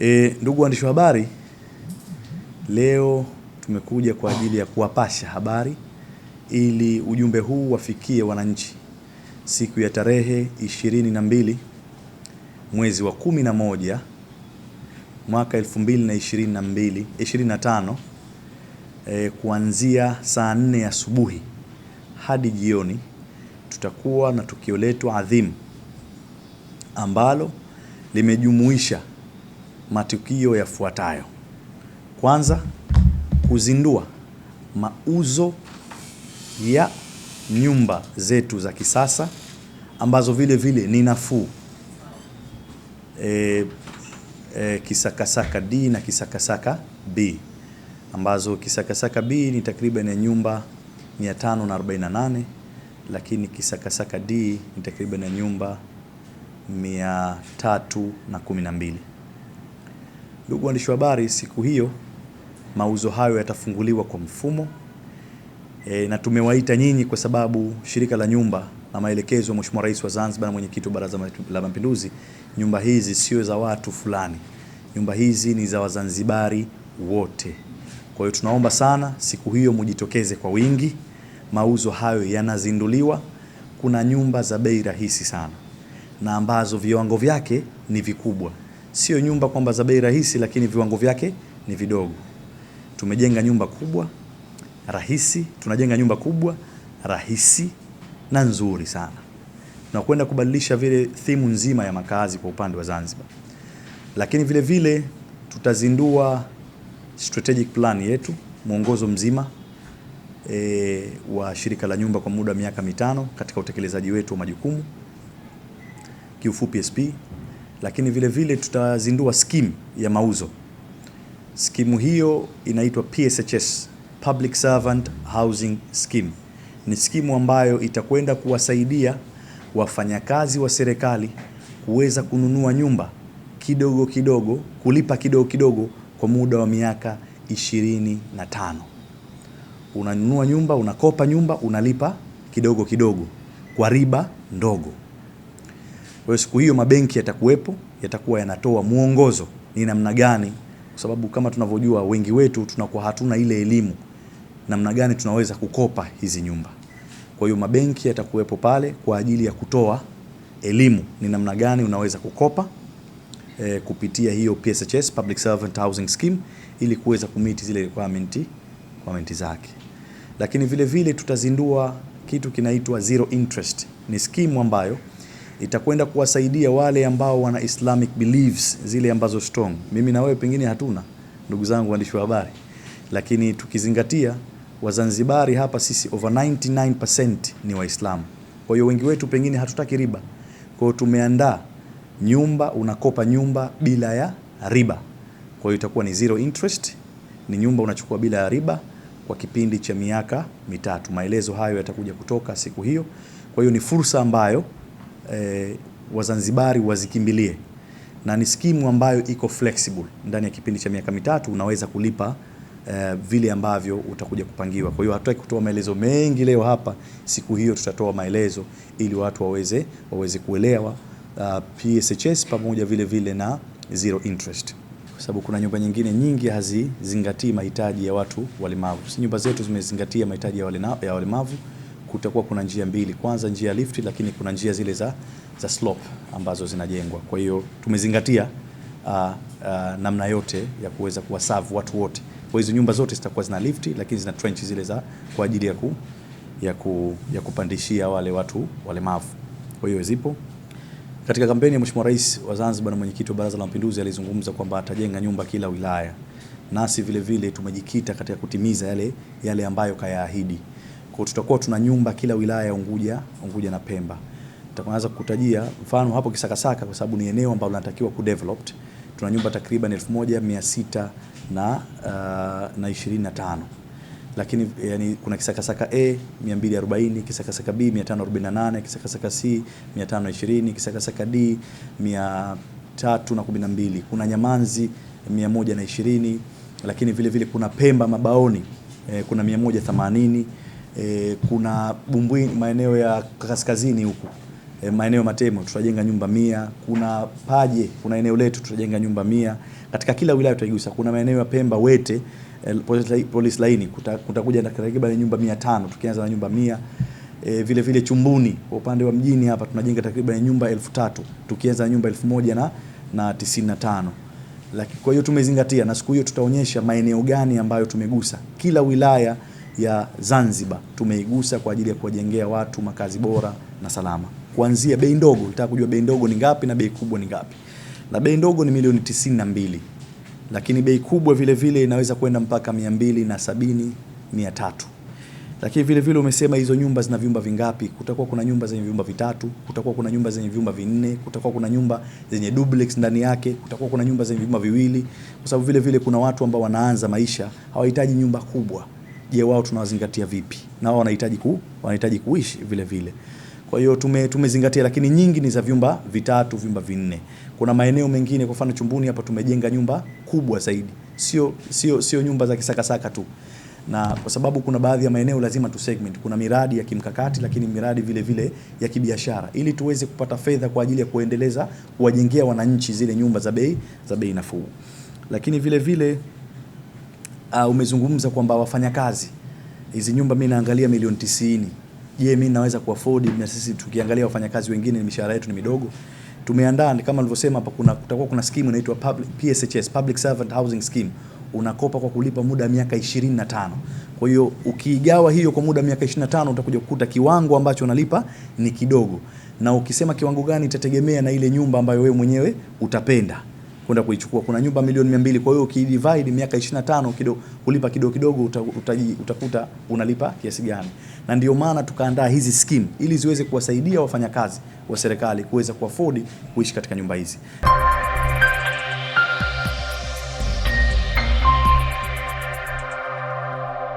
E, ndugu waandishi wa habari, leo tumekuja kwa ajili ya kuwapasha habari ili ujumbe huu wafikie wananchi siku ya tarehe ishirini na mbili mwezi wa kumi na moja mwaka 2022 25 e, kuanzia saa nne asubuhi hadi jioni tutakuwa na tukio letu adhimu ambalo limejumuisha matukio yafuatayo. Kwanza, kuzindua mauzo ya nyumba zetu za kisasa ambazo vile vile ni nafuu. E, e, Kisakasaka D na Kisakasaka B ambazo Kisakasaka B ni takriban ya nyumba 548 lakini Kisakasaka D ni takriban ya nyumba 312. Ndugu waandishi wa habari, siku hiyo mauzo hayo yatafunguliwa kwa mfumo e, na tumewaita nyinyi kwa sababu shirika la nyumba na maelekezo ya Mheshimiwa Rais wa Zanzibar na mwenyekiti wa Baraza la Mapinduzi, nyumba hizi sio za watu fulani, nyumba hizi ni za Wazanzibari wote. Kwa hiyo tunaomba sana siku hiyo mujitokeze kwa wingi, mauzo hayo yanazinduliwa. Kuna nyumba za bei rahisi sana na ambazo viwango vyake ni vikubwa sio nyumba kwamba za bei rahisi, lakini viwango vyake ni vidogo. Tumejenga nyumba kubwa rahisi, tunajenga nyumba kubwa rahisi na nzuri sana, na kwenda kubadilisha vile thimu nzima ya makazi kwa upande wa Zanzibar. Lakini vile vile tutazindua strategic plan yetu, mwongozo mzima e, wa shirika la nyumba kwa muda wa miaka mitano katika utekelezaji wetu wa majukumu, kiufupi SP lakini vile vile tutazindua skimu ya mauzo. Skimu hiyo inaitwa PSHS, Public Servant Housing Scheme. Ni skimu ambayo itakwenda kuwasaidia wafanyakazi wa serikali kuweza kununua nyumba kidogo kidogo, kulipa kidogo kidogo kwa muda wa miaka ishirini na tano. Unanunua nyumba, unakopa nyumba, unalipa kidogo kidogo kwa riba ndogo. Kwa hiyo siku hiyo mabenki yatakuwepo, yatakuwa yanatoa mwongozo ni namna gani, kwa sababu kama tunavyojua wengi wetu tunakuwa hatuna ile elimu namna gani tunaweza kukopa hizi nyumba. Kwa hiyo mabenki yatakuwepo pale kwa ajili ya kutoa elimu ni namna gani unaweza kukopa e, kupitia hiyo PSHS Public Servant Housing Scheme ili kuweza kumiti zile requirement requirement zake. Lakini vile vile tutazindua kitu kinaitwa zero interest, ni skimu ambayo itakwenda kuwasaidia wale ambao wana Islamic beliefs zile ambazo strong. Mimi na wewe pengine hatuna, ndugu zangu waandishi wa habari, lakini tukizingatia Wazanzibari hapa sisi over 99% ni Waislamu. Kwa hiyo wengi wetu pengine hatutaki riba, kwa hiyo tumeandaa nyumba, unakopa nyumba bila ya riba, kwa hiyo itakuwa ni zero interest, ni nyumba unachukua bila ya riba kwa kipindi cha miaka mitatu. Maelezo hayo yatakuja kutoka siku hiyo, kwa hiyo ni fursa ambayo eh, Wazanzibari wazikimbilie, na ni skimu ambayo iko flexible. Ndani ya kipindi cha miaka mitatu unaweza kulipa eh, vile ambavyo utakuja kupangiwa. Kwa hiyo hatutaki kutoa maelezo mengi leo hapa, siku hiyo tutatoa maelezo ili watu waweze, waweze kuelewa uh, eh, PSHS pamoja vile vile na zero interest kwa sababu kuna nyumba nyingine nyingi hazizingatii mahitaji ya watu walemavu. Si nyumba zetu zimezingatia mahitaji ya walemavu kutakuwa kuna njia mbili, kwanza njia ya lifti, lakini kuna njia zile za, za slope ambazo zinajengwa. Kwa hiyo tumezingatia uh, uh, namna yote ya kuweza kuwasavu watu wote. Kwa hizo nyumba zote zitakuwa zina lifti, lakini zina trench zile za kwa ajili ya, ku, ya, ku, ya kupandishia wale watu walemavu. Kwa hiyo zipo katika kampeni ya Mheshimiwa Rais wa Zanzibar na mwenyekiti wa Baraza la Mapinduzi alizungumza kwamba atajenga nyumba kila wilaya, nasi vilevile tumejikita katika kutimiza yale, yale ambayo kayaahidi. Kwa tutakuwa tuna nyumba kila wilaya ya Unguja, Unguja na Pemba. Tutaanza kukutajia mfano hapo Kisakasaka kwa sababu ni eneo ambalo linatakiwa ku kudevelop. Tuna nyumba takriban 1600 na uh, na 25. Lakini yani, kuna Kisakasaka A 240, Kisakasaka B 548, Kisakasaka C 520, Kisakasaka D 312. Kuna Nyamanzi 120, lakini vile vile kuna Pemba Mabaoni eh, kuna 180 e, kuna Bumbwi maeneo ya kaskazini huku e, maeneo Matemo tutajenga nyumba mia. Kuna Paje, kuna eneo letu tutajenga nyumba mia. Katika kila wilaya tutaigusa. Kuna maeneo ya Pemba Wete e, polisi laini kutakuja kuta na takriban nyumba mia tano tukianza na nyumba mia e, vile vile Chumbuni kwa upande wa mjini hapa tunajenga takriban nyumba elfu tatu tukianza na nyumba elfu moja na, na tisini na tano lakini kwa hiyo tumezingatia, na siku hiyo tutaonyesha maeneo gani ambayo tumegusa kila wilaya ya Zanzibar tumeigusa kwa ajili ya kuwajengea watu makazi bora na salama, kuanzia bei ndogo. Nataka kujua bei ndogo ni ngapi na bei kubwa ni ngapi, na bei ndogo ni milioni tisini na mbili, lakini bei kubwa vile vile inaweza kwenda mpaka mia mbili na sabini, mia tatu. Lakini vile vile umesema hizo nyumba zina vyumba vingapi? Kutakuwa kuna nyumba zenye vyumba vitatu, kutakuwa kuna nyumba zenye vyumba vinne, kutakuwa kuna nyumba zenye duplex ndani yake, kutakuwa kuna nyumba zenye vyumba viwili, kwa sababu vile vile kuna watu ambao wanaanza maisha hawahitaji nyumba kubwa je, wao tunawazingatia vipi? Na wao wanahitaji ku, wanahitaji kuishi vile vile. Kwa hiyo tume tumezingatia, lakini nyingi ni za vyumba vitatu, vyumba vinne. Kuna maeneo mengine, kwa mfano Chumbuni hapa tumejenga nyumba kubwa zaidi, sio sio sio nyumba za kisakasaka tu, na kwa sababu kuna baadhi ya maeneo lazima tu segment. Kuna miradi ya kimkakati, lakini miradi vile vile ya kibiashara, ili tuweze kupata fedha kwa ajili ya kuendeleza kuwajengea wananchi zile nyumba za bei za bei nafuu, lakini vile vile uh, umezungumza kwamba wafanyakazi hizi nyumba mimi naangalia milioni tisini. Je, mimi naweza kuafodi? Na sisi tukiangalia wafanyakazi wengine mishahara yetu ni midogo. Tumeandaa kama nilivyosema hapa, kuna kutakuwa kuna scheme inaitwa public, PSHS Public Servant Housing Scheme, unakopa kwa kulipa muda miaka 25. Kwa hiyo ukiigawa hiyo kwa muda miaka 25 utakuja kukuta kiwango ambacho unalipa ni kidogo, na ukisema kiwango gani itategemea na ile nyumba ambayo wewe mwenyewe utapenda kwenda kuichukua. Kuna nyumba milioni mia mbili. Kwa hiyo ukidivide miaka 25 kido, kulipa kidogo kidogo, utaji, utakuta unalipa kiasi gani, na ndio maana tukaandaa hizi skimu ili ziweze kuwasaidia wafanyakazi wa serikali kuweza kuafodi kuishi katika nyumba hizi.